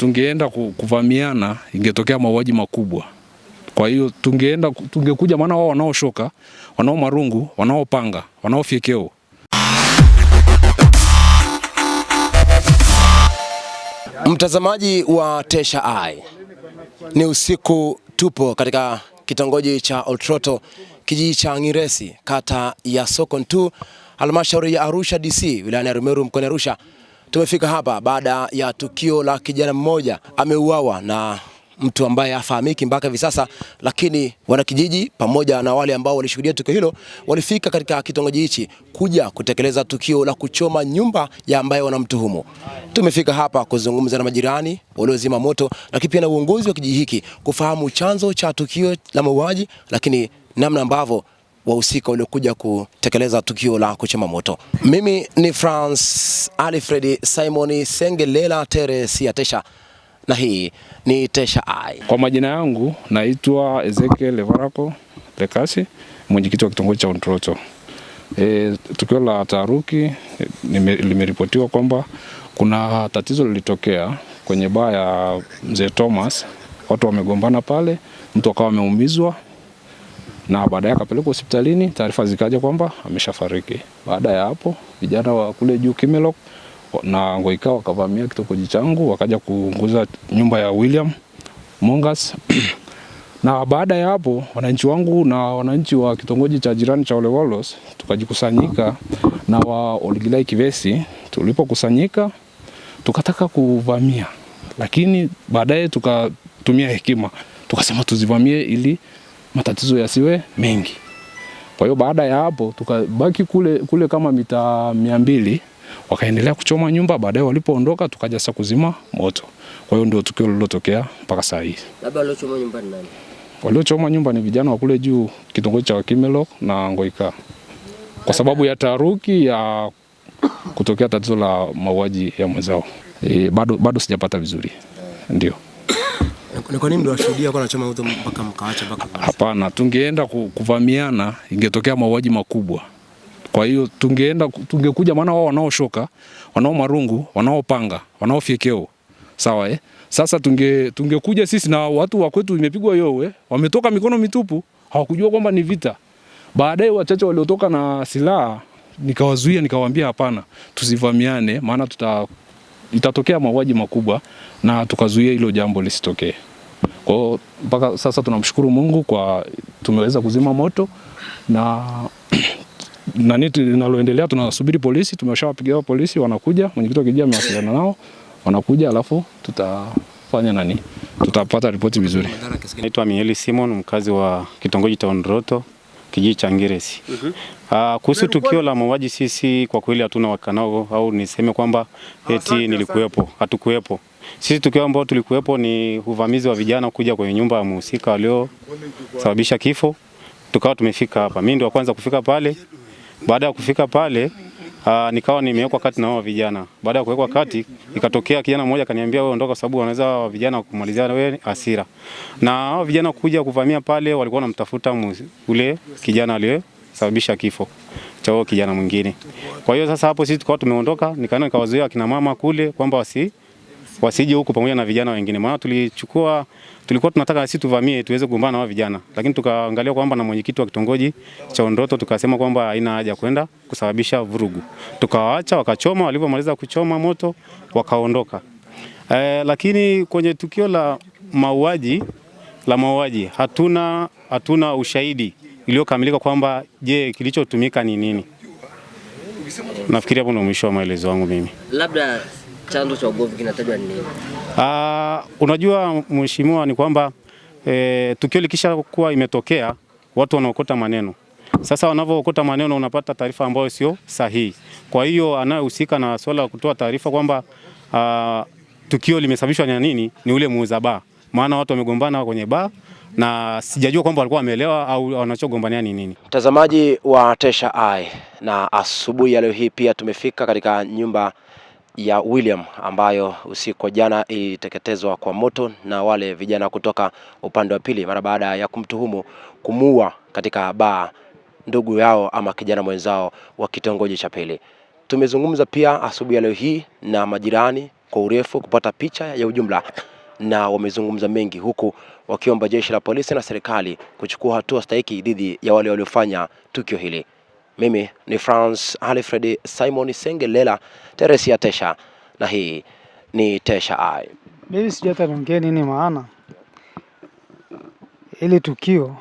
Tungeenda kuvamiana, ingetokea mauaji makubwa. Kwa hiyo tungeenda tungekuja, maana wao wanaoshoka, wanao marungu, wanaopanga, wanaofyekeo. Mtazamaji wa Tesha Eye, ni usiku, tupo katika kitongoji cha Oltroto, kijiji cha Ng'iresi, kata ya Sokon II, halmashauri ya Arusha DC, wilayani ya Rumeru, mkoani Arusha. Tumefika hapa baada ya tukio la kijana mmoja ameuawa na mtu ambaye hafahamiki mpaka hivi sasa, lakini wanakijiji pamoja na wale ambao walishuhudia tukio hilo walifika katika kitongoji hichi kuja kutekeleza tukio la kuchoma nyumba ya ambaye wanamtuhumu. Tumefika hapa kuzungumza na majirani waliozima moto, lakini pia na uongozi wa kijiji hiki kufahamu chanzo cha tukio la mauaji, lakini namna ambavyo wahusika waliokuja kutekeleza tukio la kuchoma moto. Mimi ni France Alfred Simon Sengelela Teresia Tesha na hii ni Tesha Eye. Kwa majina yangu naitwa Ezekiel Levarako Lekasi, mwenyekiti wa kitongoji cha Ontoroto. E, tukio la taharuki limeripotiwa kwamba kuna tatizo lilitokea kwenye baa ya mzee Thomas, watu wamegombana pale, mtu akawa ameumizwa na baadaye akapelekwa hospitalini, taarifa zikaja kwamba ameshafariki. Baada ya hapo, vijana wa kule juu Kimelok na Ngoika wakavamia kitongoji changu, wakaja kuunguza nyumba ya William Mongas na baada ya hapo wananchi wangu na wananchi wa kitongoji cha jirani cha Olewolos tukajikusanyika na wa Oligilai Kivesi. Tulipokusanyika tukataka kuvamia, lakini baadaye tukatumia hekima, tukasema tuzivamie ili matatizo yasiwe mengi. Kwa hiyo baada ya hapo tukabaki kule, kule kama mita mia mbili wakaendelea kuchoma nyumba. Baadaye walipoondoka tukaja sasa kuzima moto. Kwa hiyo ndio tukio lililotokea mpaka saa hii. Labda waliochoma nyumba ni nani? Waliochoma nyumba ni vijana wa kule juu kitongoji cha kimelo na Ngoika, kwa sababu ya taharuki ya kutokea tatizo la mauaji ya mwenzao. E, bado, bado sijapata vizuri, ndio. Na kwa nini ndio kwa anachoma moto mpaka mkaacha mpaka? Hapana, tungeenda kuvamiana ingetokea mauaji makubwa. Kwa hiyo tungeenda tungekuja, maana wao wanaoshoka, wanao marungu, wanaopanga, wanaofyekeo. Sawa eh? Sasa tunge tungekuja sisi na watu wa kwetu imepigwa yowe, wametoka mikono mitupu, hawakujua kwamba ni vita. Baadaye wachache waliotoka na silaha nikawazuia, nikawaambia hapana, tusivamiane maana tuta itatokea mauaji makubwa na tukazuia hilo jambo lisitokee. Kwa hiyo mpaka sasa tunamshukuru Mungu kwa tumeweza kuzima moto na nani linaloendelea, tunasubiri polisi. Tumeshawapigia polisi, wanakuja. Mwenyekiti wa kijiji amewasiliana nao, wanakuja alafu tutafanya nani, tutapata ripoti vizuri. Naitwa Mieli Simon, mkazi wa kitongoji cha Ondoroto kijiji cha Ngiresi. mm -hmm. Ah, kuhusu tukio la mauaji, sisi kwa kweli hatuna wakanao au niseme kwamba ah, eti nilikuwepo, hatukuwepo. Sisi tukio ambao tulikuwepo ni uvamizi wa vijana kuja kwenye nyumba ya mhusika waliosababisha kifo, tukawa tumefika hapa. Mimi ndio wa kwanza kufika pale. Baada ya kufika pale Aa, ah, nikawa nimewekwa kati na wao vijana. Baada ya kuwekwa kati, ikatokea kijana mmoja akaniambia wewe ondoka, sababu wanaweza vijana kumalizia wewe hasira. Na hao vijana kuja kuvamia pale, walikuwa wanamtafuta ule kijana aliyesababisha kifo cha huyo kijana mwingine. Kwa hiyo sasa hapo sisi tukawa tumeondoka, nikaona nikawazuia akina mama kule kwamba wasi wasije huku pamoja na vijana wengine, maana tulichukua tulikuwa tunataka sisi tuvamie tuweze kugombana na wao vijana, lakini tukaangalia kwamba na mwenyekiti wa kitongoji cha Ondoto tukasema kwamba haina haja kwenda kusababisha vurugu, tukawaacha wakachoma. Walipomaliza kuchoma moto wakaondoka. E, lakini kwenye tukio la mauaji la mauaji hatuna, hatuna ushahidi iliyokamilika kwamba je, kilichotumika ni nini. Nafikiria hapo ndio mwisho wa maelezo yangu mimi labda chanzo cha ugomvi kinatajwa ni nini? Ah, unajua mheshimiwa, ni kwamba eh, tukio likisha kuwa imetokea watu wanaokota maneno sasa wanavyookota maneno unapata taarifa ambayo sio sahihi. Kwa hiyo anayehusika na swala la kutoa taarifa kwamba uh, tukio limesababishwa na nini ni ule muuza baa, maana watu wamegombana kwenye baa na sijajua kwamba walikuwa wameelewa au wanachogombania ni nini. Mtazamaji wa Tesha Eye, na asubuhi ya leo hii pia tumefika katika nyumba ya William ambayo usiku wa jana iliteketezwa kwa moto na wale vijana kutoka upande wa pili mara baada ya kumtuhumu kumuua katika baa ndugu yao ama kijana mwenzao wa kitongoji cha pili. Tumezungumza pia asubuhi ya leo hii na majirani kwa urefu kupata picha ya ujumla, na wamezungumza mengi, huku wakiomba jeshi la polisi na serikali kuchukua hatua stahiki dhidi ya wale waliofanya tukio hili. Mimi ni France Alfred Simon Sengelela Teresia Tesha, na hii ni Tesha Eye. Mimi sijui hata niongee nini, maana hili tukio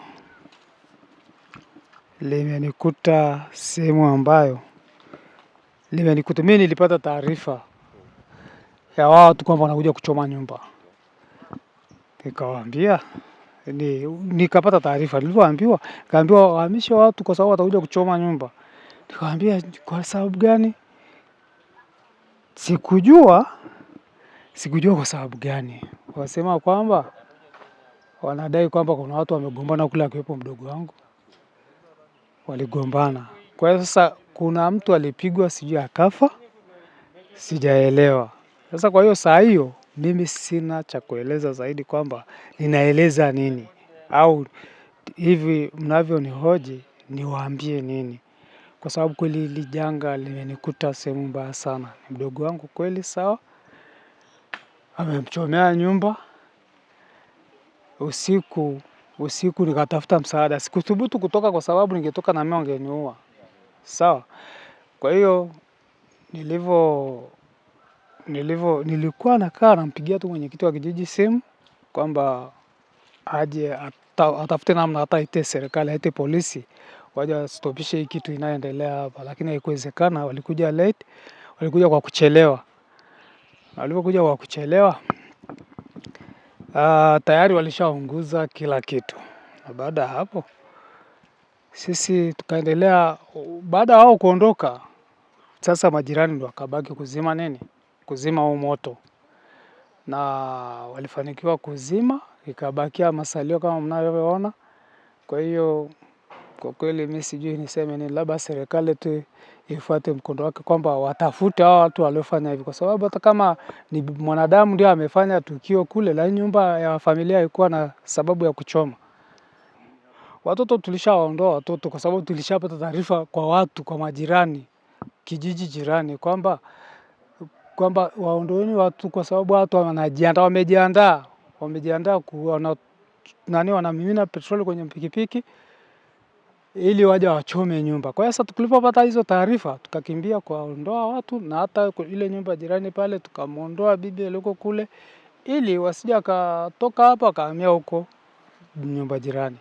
limenikuta sehemu ambayo limenikuta. Mimi nilipata taarifa ya watu kwamba wanakuja kuchoma nyumba, nikawaambia ni, nikapata taarifa, nilivyoambiwa kaambiwa wahamisha watu kwa sababu watakuja kuchoma nyumba. Nikamwambia kwa sababu gani? Sikujua, sikujua kwa sababu gani. Wasema kwamba wanadai kwamba kuna watu wamegombana kule, akiwepo mdogo wangu waligombana. Kwa hiyo sasa kuna mtu alipigwa, sijui akafa, sijaelewa sasa. Kwa hiyo saa hiyo mimi sina cha kueleza zaidi kwamba ninaeleza nini au hivi mnavyonihoji niwaambie nini, kwa sababu kweli hili janga limenikuta sehemu mbaya sana. Mdogo wangu kweli sawa, amemchomea nyumba usiku. Usiku nikatafuta msaada, sikuthubutu kutoka kwa sababu ningetoka na mimi wangeniua. Sawa, kwa hiyo nilivyo nilivyo nilikuwa nakaa nampigia tu mwenyekiti wa kijiji simu kwamba aje ata, atafute namna hata ite serikali ite polisi waje wastopishe hii kitu inayoendelea hapa, lakini haikuwezekana. Walikuja late, walikuja kwa kuchelewa. Walipokuja kwa kuchelewa, uh, tayari walishaunguza kila kitu, na baada ya hapo sisi tukaendelea. Baada ya wao kuondoka, sasa majirani ndo wakabaki kuzima nini kuzima huu moto, na walifanikiwa kuzima, ikabakia masalio kama mnavyoona. Kwa hiyo kwa kweli mi sijui niseme ni labda serikali tu ifuate mkondo wake, kwamba watafute hao watu waliofanya hivi, kwa sababu hata kama ni mwanadamu ndio amefanya tukio kule, la nyumba ya familia ilikuwa na sababu ya kuchoma. Watoto tulishawaondoa watoto, kwa sababu tulishapata taarifa kwa watu, kwa majirani, kijiji jirani kwamba kwamba waondoeni watu, kwa sababu watu wanajiandaa, wamejiandaa, wamejiandaa wana, nani wanamimina petroli kwenye pikipiki ili waje wachome nyumba. Kwa hiyo sasa tulipopata hizo taarifa tukakimbia kuwaondoa watu, na hata ile nyumba jirani pale tukamwondoa bibi aliko kule, ili wasija akatoka hapa akahamia huko nyumba jirani.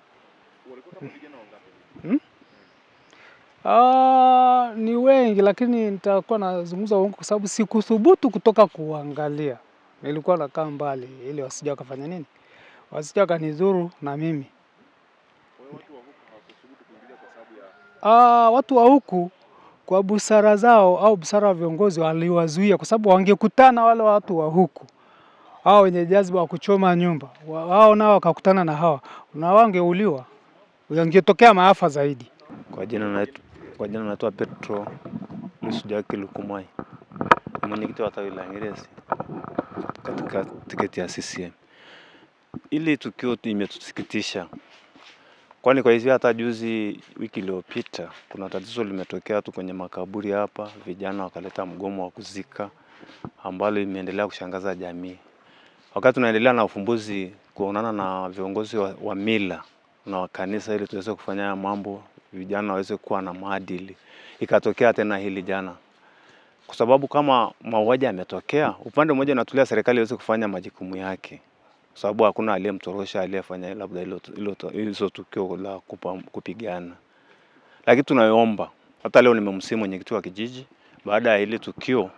hmm? Ah, ni wengi lakini nitakuwa nazungumza uongo kwa sababu sikuthubutu kutoka kuangalia. Nilikuwa nakaa mbali ili wasije wakafanya nini? Wasije wakanidhuru na mimi. Ah, watu wa huku kwa busara zao au busara wa viongozi waliwazuia kwa sababu wangekutana wale watu wa huku. Hao wenye jazba wa kuchoma nyumba. Hao nao wakakutana na hawa. Na wangeuliwa. Yangetokea maafa zaidi. Kwa jina kwa jina naitwa Petro Lusujaki Lukumwai, mwenyekiti wa tawi la Ngeresi katika tiketi ya CCM. Ili tukio imetusikitisha, kwani kwa hivyo hata juzi, wiki iliyopita, kuna tatizo limetokea tu kwenye makaburi hapa, vijana wakaleta mgomo wa kuzika ambalo imeendelea kushangaza jamii. Wakati tunaendelea na ufumbuzi, kuonana na viongozi wa, wa mila na wa kanisa ili tuweze kufanya mambo vijana waweze kuwa na maadili. Ikatokea tena hili jana, kwa sababu kama mauaji yametokea, upande mmoja unatulia serikali iweze kufanya majukumu yake, kwa sababu hakuna aliyemtorosha aliyefanya labda hilo tukio la kupigana. Lakini tunayoomba hata leo nimemsii mwenyekiti wa kijiji baada ya hili tukio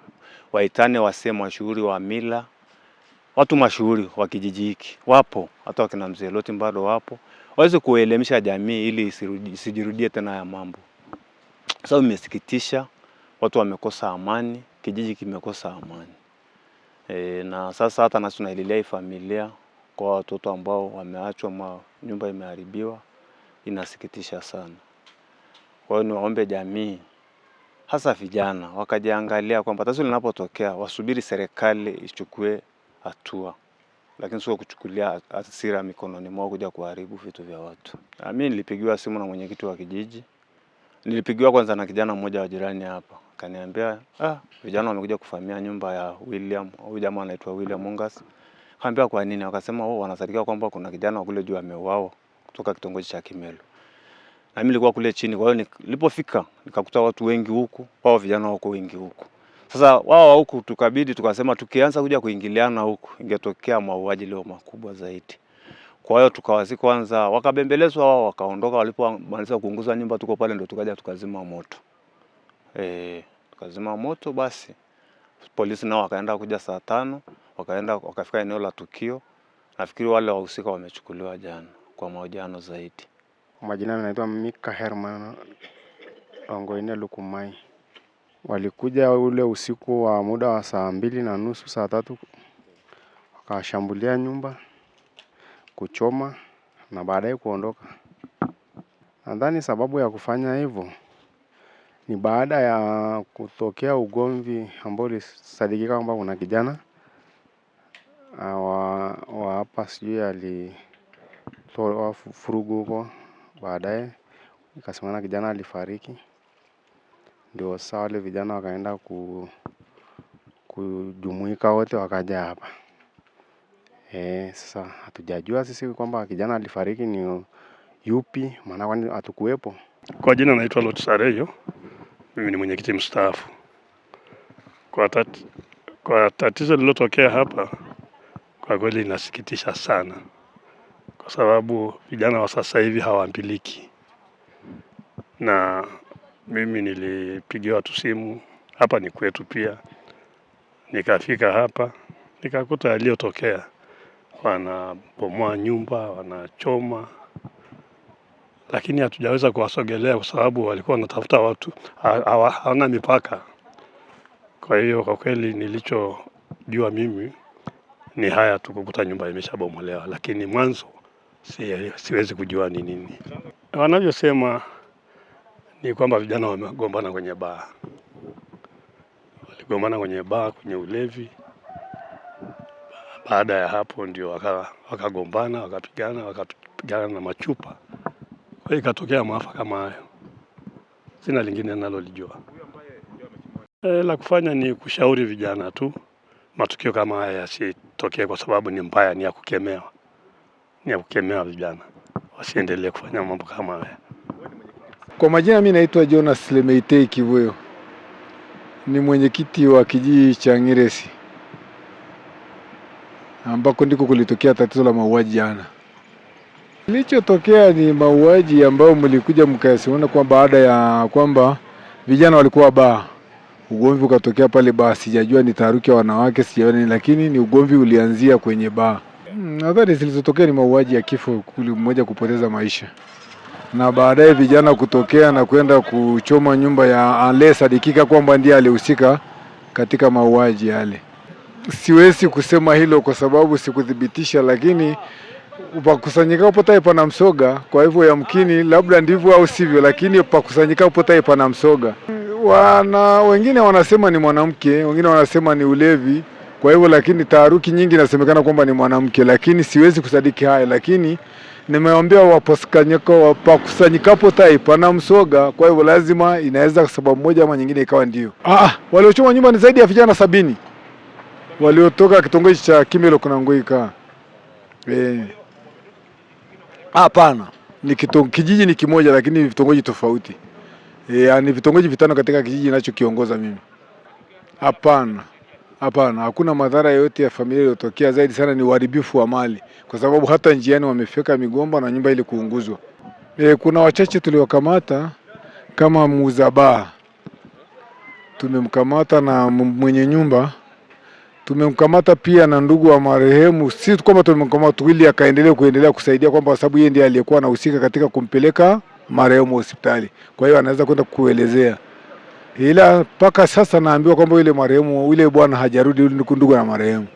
waitane waseme mashuhuri wa mila, watu mashuhuri wa kijiji hiki wapo, hata wakina mzee Loti bado wapo waweze kuelemisha jamii ili isijirudie tena haya mambo, Sasa imesikitisha. Watu wamekosa amani, kijiji kimekosa amani e, na sasa hata nasi tunaililia familia kwa watoto ambao wameachwa ma nyumba imeharibiwa, inasikitisha sana. Kwa hiyo niwaombe jamii, hasa vijana, wakajiangalia kwamba tatizo linapotokea wasubiri serikali ichukue hatua lakini sio kuchukulia hasira mikononi mwao kuja kuharibu vitu vya watu. Ah, mimi nilipigiwa simu na mwenyekiti wa kijiji, nilipigiwa kwanza na kijana mmoja wa jirani hapa, kaniambia ah, vijana wamekuja kufamia nyumba ya William. Huyu jamaa anaitwa William Ungas. Kaambia kwa nini? Wakasema wao oh, wanasadikia kwamba kuna kijana kule juu ameuawa kutoka kitongoji cha Kimelo na mimi nilikuwa kule chini. Kwa hiyo nilipofika nikakuta watu wengi huku, wao vijana wako wengi huku. Sasa wao huku tukabidi tukasema, tukianza kuja kuingiliana huku ingetokea mauaji leo makubwa zaidi. Kwa hiyo tukawasi kwanza, wakabembelezwa wao, wakaondoka. Walipomaliza kuunguza nyumba, tuko pale ndo tukaja tukazima moto e, tukazima moto. Basi polisi nao wakaenda kuja saa tano, wakaenda wakafika eneo la tukio. Nafikiri wale wahusika wamechukuliwa jana kwa mahojiano zaidi. Majina naitwa Mika Herman Ongoine Lukumai walikuja ule usiku wa muda wa saa mbili na nusu saa tatu wakashambulia nyumba kuchoma na baadaye kuondoka. Nadhani sababu ya kufanya hivyo ni baada ya kutokea ugomvi ambao ulisadikika kwamba kuna kijana ah, wa hapa sijui alitoa furugu huko, baadaye ikasemekana kijana alifariki ndio saa wale vijana wakaenda ku kujumuika wote wakaja hapa. E, sasa hatujajua sisi kwamba kijana alifariki ni yupi, maana kwani hatukuwepo. Kwa jina naitwa Lot Sareyo, mimi ni mwenyekiti mstaafu. Kwa, tat, kwa tatizo lililotokea hapa kwa kweli linasikitisha sana, kwa sababu vijana wa sasa hivi hawambiliki na mimi nilipigiwa tu simu hapa ni kwetu pia, nikafika hapa nikakuta yaliyotokea, wanabomoa nyumba, wanachoma, lakini hatujaweza kuwasogelea kwa sababu walikuwa wanatafuta watu, hawana mipaka. Kwa hiyo kwa kweli nilichojua mimi ni haya tu, kukuta nyumba imeshabomolewa, lakini mwanzo siwezi kujua ni nini wanavyosema ni kwamba vijana wamegombana kwenye baa, waligombana kwenye baa, kwenye ulevi. Baada ya hapo ndio wakagombana, waka wakapigana, wakapigana na machupa. Kwa hiyo ikatokea maafa kama hayo. Sina lingine nalolijua. E, la kufanya ni kushauri vijana tu matukio kama haya yasitokee, kwa sababu ni mbaya, ni ya kukemewa, ni ya kukemewa. Vijana wasiendelee kufanya mambo kama haya. Kwa majina mi naitwa Jonas Lemeitei Kivuyo, ni mwenyekiti wa kijiji cha Ng'iresi ambako ndiko kulitokea tatizo la mauaji jana. Kilichotokea ni mauaji ambayo mlikuja mkayasimona kwa baada ya kwamba vijana walikuwa baa, ugomvi ukatokea pale baa. Sijajua ni taharuki ya wanawake, sijaona, lakini ni ugomvi ulianzia kwenye baa. Hmm, nadhani zilizotokea ni mauaji ya kifo, kuli mmoja kupoteza maisha na baadaye vijana kutokea na kwenda kuchoma nyumba ya aliyesadikika kwamba ndiye alihusika katika mauaji yale. Siwezi kusema hilo kwa sababu sikuthibitisha, lakini pakusanyikapo tai pana msoga. Kwa hivyo yamkini labda ndivyo au sivyo, lakini pakusanyikapo tai pana msoga. Wana wengine wanasema ni mwanamke, wengine wanasema ni ulevi. Kwa hivyo lakini taharuki nyingi inasemekana kwamba ni mwanamke, lakini siwezi kusadiki haya, lakini nimeambia wapakusanyikapo tai pana msoga. Kwa hivyo lazima inaweza kwa sababu moja ama nyingine ikawa ndio. Ah, ah, waliochoma nyumba ni zaidi ya vijana sabini waliotoka kitongoji cha Kimelo kuna Ngoika. Eh. Hapana, ni kitongoji kijiji ni kimoja lakini vitongoji tofauti. Eh, ni vitongoji vitano katika kijiji ninachokiongoza mimi. Hapana. Hapana, hakuna madhara yoyote ya familia iliyotokea. Zaidi sana ni uharibifu wa mali, kwa sababu hata njiani wamefika migomba na nyumba ili kuunguzwa. E, kuna wachache tuliokamata kama muzabaa tumemkamata na mwenye nyumba tumemkamata pia na ndugu wa marehemu. Si kwamba tumemkamata ili akaendelee kuendelea kusaidia, kwamba sababu yeye ndiye aliyekuwa anahusika katika kumpeleka marehemu hospitali, kwa hiyo anaweza kwenda kuelezea ila mpaka sasa naambiwa kwamba yule marehemu yule bwana hajarudi, ndugu na marehemu.